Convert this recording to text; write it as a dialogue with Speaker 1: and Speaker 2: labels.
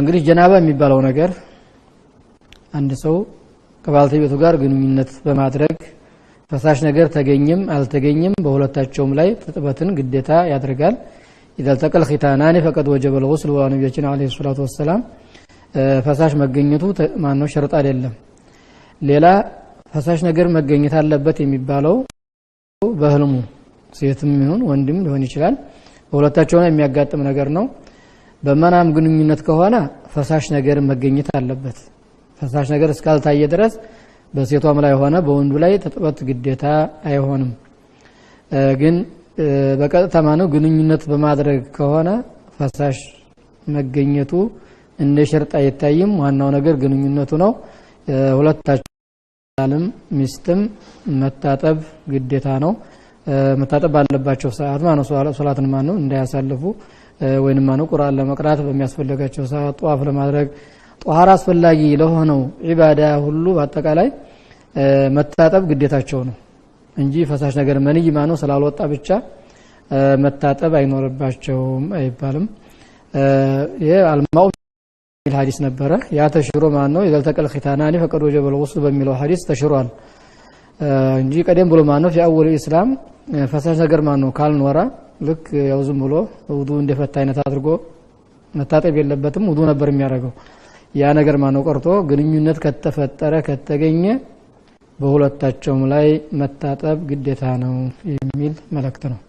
Speaker 1: እንግዲህ ጀናባ የሚባለው ነገር አንድ ሰው ከባልተቤቱ ጋር ግንኙነት በማድረግ ፈሳሽ ነገር ተገኘም አልተገኘም በሁለታቸውም ላይ እጥበትን ግዴታ ያደርጋል። ኢዘልተቀል ኺታናኒ ፈቀድ ወጀበል ጉስል ብሏል ነቢያችን ዓለይሂ ሰላቱ ወሰላም። ፈሳሽ መገኘቱ ማነው ሸርጥ አይደለም። ሌላ ፈሳሽ ነገር መገኘት አለበት የሚባለው በህልሙ ሴትም ይሁን ወንድም ሊሆን ይችላል። በሁለታቸው የሚያጋጥም ነገር ነው። በመናም ግንኙነት ከሆነ ፈሳሽ ነገር መገኘት አለበት። ፈሳሽ ነገር እስካልታየ ድረስ በሴቷም ላይ ሆነ በወንዱ ላይ ተጥበት ግዴታ አይሆንም። ግን በቀጥታ ማነው ግንኙነት በማድረግ ከሆነ ፈሳሽ መገኘቱ እንደ ሸርጥ አይታይም። ዋናው ነገር ግንኙነቱ ነው። ሁለታቸውም ሚስትም መታጠብ ግዴታ ነው። መታጠብ ባለባቸው ሰዓት ማነው ሶላትን ማነው እንዳያሳልፉ ወይንም ማነው ቁርአን ለመቅራት በሚያስፈልጋቸው ሰዓት ጧፍ ለማድረግ ጧሃራ አስፈላጊ ለሆነው ዒባዳ ሁሉ በአጠቃላይ መታጠብ ግዴታቸው ነው እንጂ ፈሳሽ ነገር መንይ ማነው ስላልወጣ ብቻ መታጠብ አይኖርባቸውም አይባልም። የአልማው አልማው ሀዲስ ነበረ። ያ ተሽሮ ማን ነው የዘልተቀል ኺታናኒ ፈቀዶ ጀበል ውስጥ በሚለው ሀዲስ ተሽሯል እንጂ ቀደም ብሎ ማን ነው የአወል ኢስላም ፈሳሽ ነገር ማን ነው ካልኖራ ልክ ያው ዝም ብሎ ውዱ እንደፈታ አይነት አድርጎ መታጠብ የለበትም። ውዱ ነበር የሚያደርገው። ያ ነገር ማነው ቀርቶ ግንኙነት ከተፈጠረ ከተገኘ በሁለታቸውም ላይ መታጠብ ግዴታ ነው የሚል መልእክት ነው።